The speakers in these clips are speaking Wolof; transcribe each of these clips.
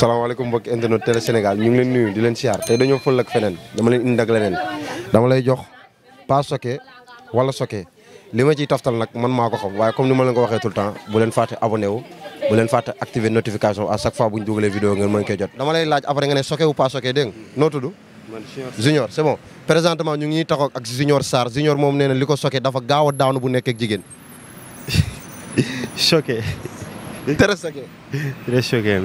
salaamaaleykum mbokki internet télé Sénégal ñu ngi leen nuyu di leen siyaar tey dañoo fël ak feneen dama leen indi ak dama lay jox pas soke wala soke li ci ciy taftal nag man maa ko xam waaye comme ni ma leen ko waxee tout le temps bu leen fàtte abonné wu bu leen fàtte activer notification à chaque fois bu ñu dugalee vidéo ngeen mën koy jot dama lay laaj après nga ne soke wu pas soke dégg noo tudd junior c'est bon présentement ñu ngi tax taxaw ak junior Sarr junior moom nee na li ko soke dafa gaaw a daanu bu nekkee jigéen choqué très choqué très choqué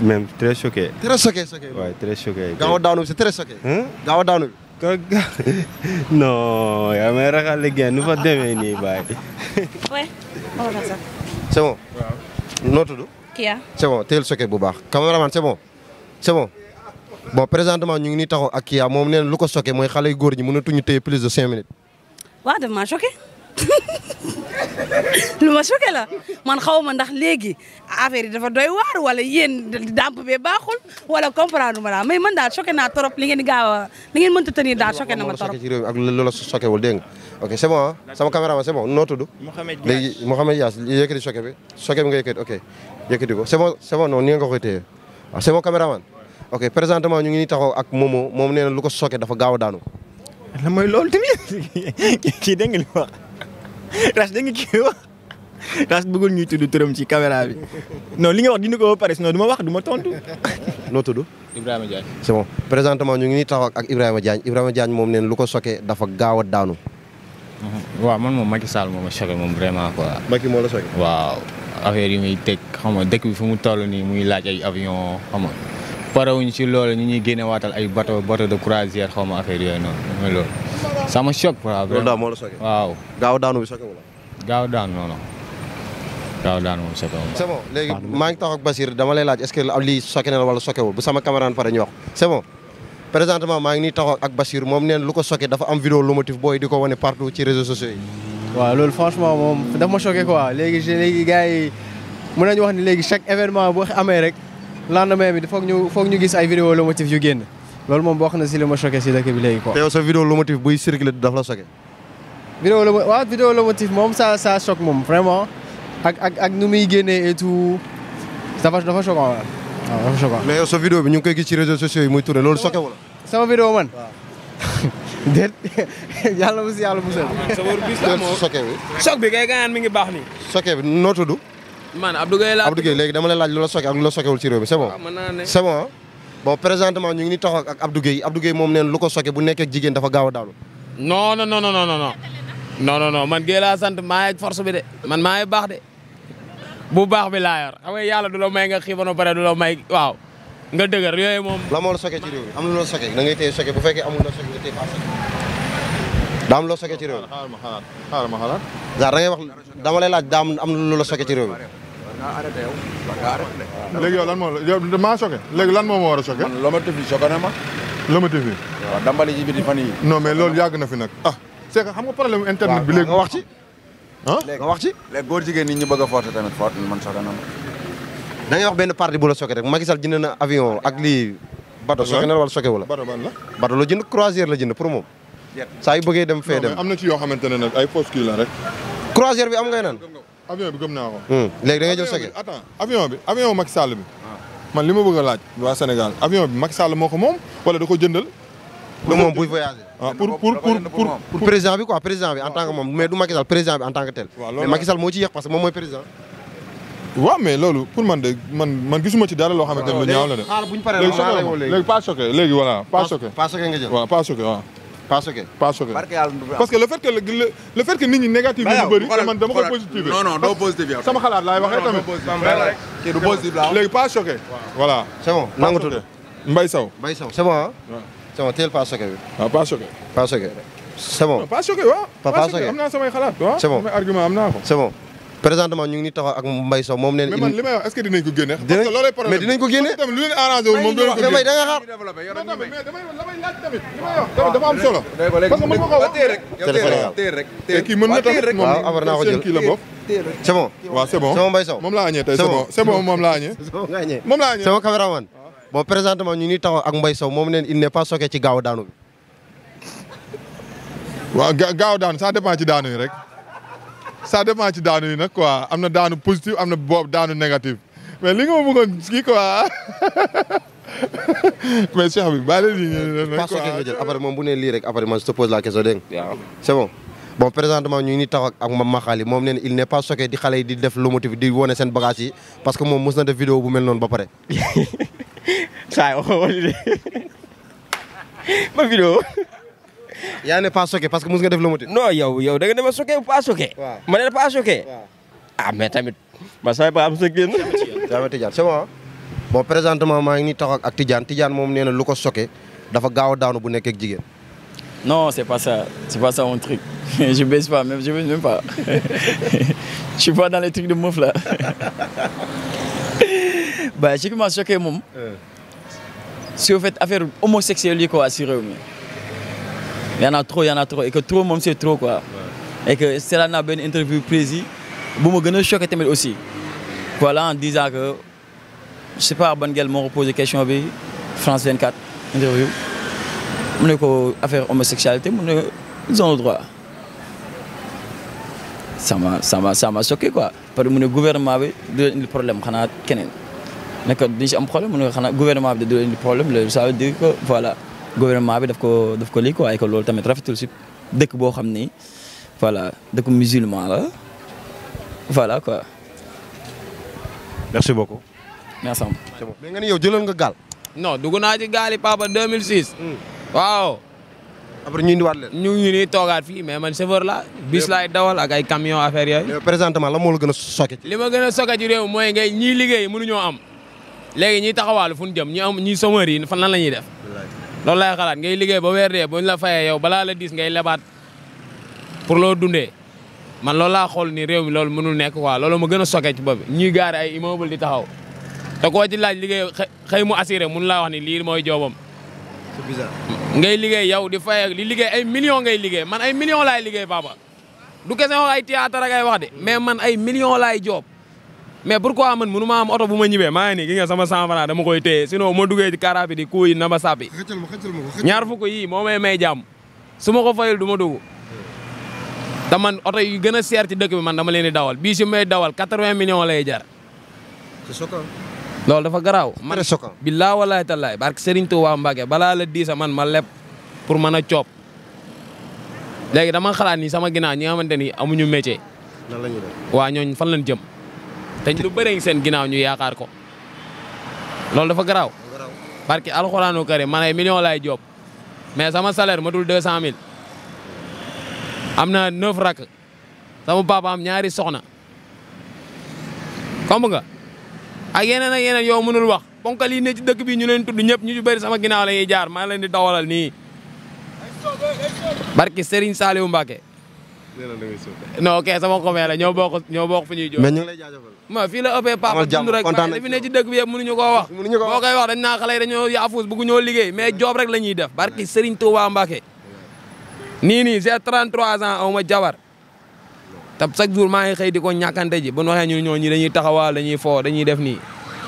même très choqué. très choqué choqué. waaw très choqué. gaaw a daanu bi c'est très choqué. Hmm? gaaw a daanu nu fa demee nii baay. oui. noo tudd. Kia. c'est bon teel choqué bu baax cameraman c'est bon c'est bon. bon présentement ñu ngi nii taxaw ak Kia moom nee na lu ko choqué mooy xale yu góor ñi mënatuñu téye plus de cinq minutes. waaw lu ma choqué la man xaw ma ndax léegi affaire yi dafa doy waar wala yéen damp bee baaxul wala comprendre ma daal mais man daal choqué naa trop li ngeen gaaw a li ngeen mënta tenir daal choqué na ma trop. ak loola choqué wul dégg nga ok c'est bon sama caméra c'est bon noo tudd. Mouhamed Dias léegi Mouhamed Dias yëkkati choqué bi choqué bi nga yëkkati ok yëkkati ko c'est bon c'est ni nga ko koy téye waaw c'est bon caméraman ok présentement ñu ngi nii taxaw ak Momo moom nee na lu ko choqué dafa gaaw a daanu. lan mooy loolu tamit kii dégg nga li wax. Rash da nga kii wax Rash bëggul ñuy tudd turam ci caméra bi non li nga wax dina ko ba pare sinon du ma wax du ma tontu. noo tudd. Ibrahima Diagne. c'est bon présentement ñu ngi nii taxaw ak Ibrahima Diagne Ibrahima Diagne moom neen lu ko sokkee dafa gaaw a daanu. Mm-hmm. waaw man moom Macky Sall moom a choqué moom vraiment quoi. Macky moo la choqué. waaw affaire yi muy teg xam nga dëkk fu mu toll nii muy laaj ay avion xam nga parewuñ si loolu ñu ñuy génne waatal ay bateau bateau de croisière xaw affaire yooyu noonu loolu sama choc waaw loolu daal moo la choqué waaw gaaw daanu bi choqué gaaw daanu noonu gaaw daanu moom choqué wala maa ngi taxaw ak Basir dama lay laaj est-ce wala choqué wul bu sama caméraman pare ñu wax c'est bon présentement maa ngi nii ak bassir moom neen lu ko choqué dafa am lu vidéo Lomotif booy di ko wane partout ci réseaux sociaux yi waaw loolu franchement moom dafa ma choqué quoi léegi léegi gars yi ñu wax ni léegi chaque événement bu amee rek lendemain bi foog ñu foog ñu gis ay vidéo lomotif yu génn loolu moom bokk na si li ma choqué si dëkk bi léegi quoi. te yow sa vidéo lomotif buy circulé daf la choqué. vidéo lomotif moom sa ça choque moom vraiment ak ak ak nu muy génnee et tout dafa dafa ma waaw dafa choquant. bi ñu ngi koy gis ci réseaux sociaux yi muy tourné loolu choqué wala. sama si yàlla bu sel. choc bi kay gaañaan mi ngi baax nii. choqué bi noo man Abdou Gueye laa Abdou dama la laaj lu la soke ak lu la sokewul ci réew mi c'est bon ah, ñu ngi ni taxaw ak Abdou Gueye Abdou moom neen lu ko soke bu nekkee jigéen dafa gaaw a daanu no non non non non non non non non man Gueye laa sant maa ngi bi de man maa ngi baax de bu baax bi laa yor xam yàlla du la may nga xiibano pare du la may waaw nga dëgër yooyu moom la moo la soke ci réew mi am lu la ngay téye soke bu fekkee amul la soke nga loo soke ci réew mi xaaral wax dama lay laaj daam am lu la soke ci réew mi ah arrêté yow. léegi yow lan moo yow maa choqué léegi lan moo ma war a choqué. man Lomé TV na ma. Lomé TV. waaw dambali ji bi loolu yàgg na fi nag ah. c' xam nga problème internet bi léegi nga wax ci. ah nga wax ci. léegi góor ñi ñu bëgg a foote tamit foote man choqué na ma. da wax benn parti bu la choqué rek Macky Sall jënd na avion ak lii. bato choqué na la. bato ban la. bato la jënd croisière la jënd pour moom. saa yu bëggee dem fee dem am na ci yoo xamante ne nag ay fausse kii la rek. croisière bi am ngay naan avion bi gëm naa ko. Hmm. léegi da ngay jël sege attends avion bi avion Macky Sall bi. man li ma bëgg a laaj waa Sénégal avion bi Macky Sall moo ko moom wala da ko jëndal. pour moom buy voyager. Ah, pour pour pour pour président bi quoi président bi en tant du Macky Sall président bi en moo ci yéex parce que moom mooy président. loolu pour man de man man gisuma ci dara loo xamante ne lu ñaaw la de. xaaral pas choqué léegi voilà pas choqué. pas pas choqué pas parce que le fait que le le fait que nit ñi négatif yi bëri man dama koy positif non non doo positif yow sama xalaat laay waxee tamit kii du positif la léegi pas choqué voilà teel pas choqué bi waaw am na samay xalaat argument am na ko présentement ñu ngi nii taxaw man li may wax est ko génne. dinañ mais dinañ ko génne. tamit lu moom dinañ moom la bokk. ñu ngi nii ak Mbaye Sow moom na il n'est pas choqué ci gaaw daanu bi. waaw gaaw daanu ça dépend daanu rek ça dépend ci daanu yi nag quoi am na daanu positif am na boobu daanu négatif mais li nga ma bëggoon kii quoi mais Cheikh bi bàyyi la ñu ne. parce que nga jël après moom bu ne lii rek après man je te pose la question dégg nga. waaw c'est bon. bon présentement ñu ngi nii taxaw ak Mame Makhali moom nee na il n'est pas choqué di xale yi di def lomotif di wone seen bagage yi parce que moom mos na def vidéo bu mel noonu ba pare. saa yaa ne pas choqué parce que mos nga def lu mu ti. non yow yow da nga def choqué pas ma ne ah, tamit. ma say ba am sa génn. jaama Tidiane c'est bon bon maa ngi nii ak Tidiane Tidiane moom nee na lu ko choqué dafa gaaw a daanu bu nekk ak jigéen. no c'est pas ça c'est pas ça mon truc je baisse pas même je dans les trucs de meuf là. ba ce m'a choqué moom. Euh. su fekkee affaire homosexuelle yi ko waa si y en a trop y en a trop et que trop moom c'est trop quoi. et que seetaan naa benn interview Prési bu ma gën a choqué tamit aussi. voilà en disant que je sais pas ban gel moo ko posé question bi France 24 interview mu ne ko affaire homosexualité mu ne ils ont le droit. ça m'a ça m'a ça m'a choqué quoi parce que mu ne gouvernement bi du leen indi problème xanaa keneen ne ko duñ si am problème mu ne xanaa gouvernement bi du leen indi problème loolu ça veut dire que voilà. gouvernement bi daf ko daf ko lii quoi et que loolu tamit rafetul si dëkk boo xam ni voilà dëkk musulman la voilà quoi. merci beaucoup. merci beaucoup. mais nga ni yow jëloon nga gaal. non dugg naa ci gaal yi papa 2006. Hmm. waaw. après ñu indiwaat leen. ñu toogaat fii mais man chauffeur la bis laay dawal ak ay camion affaire yooyu. présentement la moo la gën a sokke ci. li ma gën a sokke ci réew mooy ngay ñii liggéey mënuñoo am léegi ñiy taxawaalu fu ñu jëm ñi am ñi chômeur yi fan lan la ñuy def. loolu laay xalaat ngay liggéey ba weer dee bu la fayee yow balaa la diis ngay lebaat pour loo dundee man loolu laa xool ni réew mi loolu mënul nekk quoi loolu ma gën a soke ci bopp bi ñuy gaare ay immeuble di taxaw te koo ci laaj liggéey xëy mu assuré mun laa wax ni lii mooy joobam. c'est ngay liggéey yow di fay li liggéey ay millions ngay liggéey man ay millions laay liggéey papa du kese wax ay théâtre ak ay wax de mais man ay millions laay joob. mais pourquoi man mënu ma am oto bu ma ñibbee maa ngi nii gi nga sama 100 francs dama koy téye sinon ma duggee ci car rapide yi kuu yi ñaar fukk yii moo may may jàmm su ma ko fayul du ma dugg te oto yu gën a seer dëkk bi man dama leen di dawal bii si may dawal 80 millions lay jar loolu dafa garaaw man billaa walaay tallaay barke Serigne Touba Mbacke balaa la diisa man ma leb pour mën a coob léegi dama xalaat ni sama ginnaaw ñi nga xamante ni amuñu métier. nan la ñuy waa ñooñu fan lañ jëm. dañ lu bëri seen ginnaaw ñu yaakaar ko loolu dafa garaaw. parce que alxuraanu karim man ay million laay job mais sama salaire matul deux cent mille am na neuf rak sama papa am ñaari soxna xam nga ak yeneen ak yeneen yow mënul wax ponkal yi ne ci dëkk bi ñu leen tudd ñëpp ñu ci bëri sama ginnaaw la ñuy jaar maa leen di dawalal nii barki Serigne Saliou Mbacke non ok sama commune la ñoo bokk ñoo bokk fu ñuy jóg. mais lay jaajëfal. ma fii la ëppee papa dund rek fi ne ci dëkk bi yëpp mënuñu koo wax. mënuñu koo wax boo koy wax dañ naa xale yi dañoo yaafuus bëgg ñoo ñuy def. barki Serigne Touba Mbacke. nii nii j'ai 33 ans aw ma jabar. te chaque jour maa ngi xëy di ko ñàkkante ji bu ñu waxee ñun ñoo ñi dañuy taxawaal dañuy foo dañuy def nii.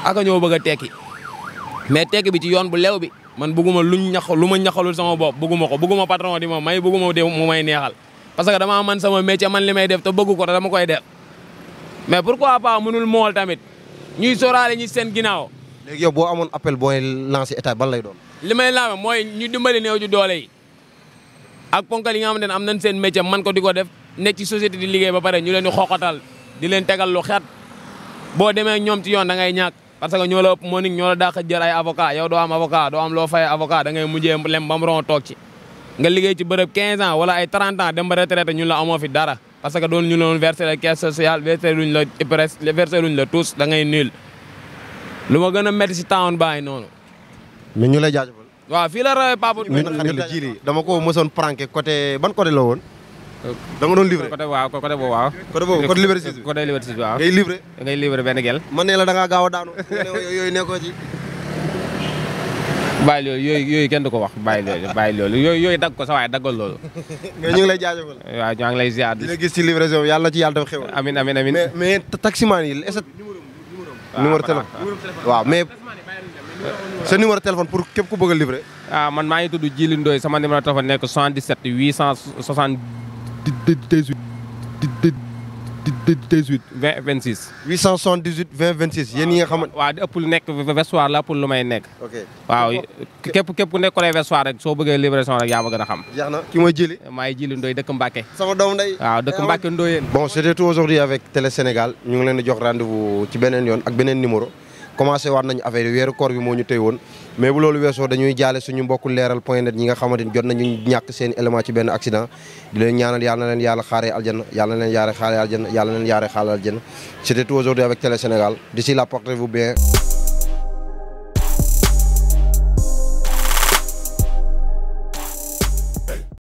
aka ñoo bëgg a tekki. mais tekki bi ci yoon lew bi. man bëgguma luñ ñax lu ma ñaxalul sama bopp bëgguma ko bëgguma patron di ma may bëgguma di mu may neexal parce que damaa man sama métier man li may def te bëgg ko te dama koy def mais pourquoi pas mënul mool tamit ñuy sóoraale ñi seen ginnaaw. léegi yow boo amoon appel booy lancé état ban lay doon. li may laame mooy ñu dimbali néew ju doole yi ak ponkal yi nga xamante ne am nañ seen métier man ko di ko def nekk ci société di liggéey ba pare ñu leen di xoqatal di leen tegal lu xet boo demee ñoom ci yoon da ngay ñàkk parce que ñoo la ëpp moo ñoo la dàq jël ay avocat yow doo am avocat loo fay avocat da ngay mujjee lem toog ci. nga liggéey ci bërëb 15 ans wala ay 30 ans dem ba retraité ñun la amoo fi dara parce que doon ñu la caisse sociale versé luñ la IPRES versé luñ la tous da ngay lu ma gën a métti si town bàyyi noonu. mais ñu lay jaajëfal. waaw fii la rawee Papa. ñu dama ko mësoon pranké côté ban côté la woon. dama doon livré côté waaw côté boobu waaw. côté boobu côté waaw. ngay livré. ngay livré ne la da gaaw a daanu. yooyu nekkoo ci. bàyyi loolu yooyu yooyu kenn du ko wax bàyyi loolu yooyu yooyu dagg ko sa waaye daggal loolu. mais ñu ngi lay jaajëfal. waaw ngi lay ziar. la gis ci livraison bi yàlla ci yàlla dafa xewal. amiin amiin amiin mais mais taximaan yi est-ce que. numéro téléphone waaw mais. sa numéro téléphone pour képp ku bëgg a livrer. ah man maa ngi tudd Djily Ndoye sama numéro téléphone nekk 77 878 20 26. 878 20 26 yéen ñi nga xamante. waaw di ëpp lu nekk Vessoir la ëpp lu may nekk. waaw képp képp ku nekkulee Vessoir soo bëggee Libération rek yaa ma a xam. jeex na ki mooy Jili. maay Jili Ndoye dëkk Mbacke. sama doom ndey. waaw dëkk Mbacke Ndoye. bon c'était tout aujourd'hui avec Télé Sénégal ñu ngi leen di jox rendez-vous ci beneen yoon ak beneen numéro. commencé waat nañu affaire yi weeru koor bi moo ñu tëy woon mais bu loolu weesoo dañuy jaale suñu mbokku leeral point net ñi nga xamante ni jot nañu ñàkk seen élément ci benn accident di leen ñaanal yàlla na leen yàlla xaaree aljana yàlla na leen yaare xaaree aljana yàlla na leen yaare xaaree aljana c'était tout aujourd'hui avec Télé Sénégal d'ici là portez-vous bien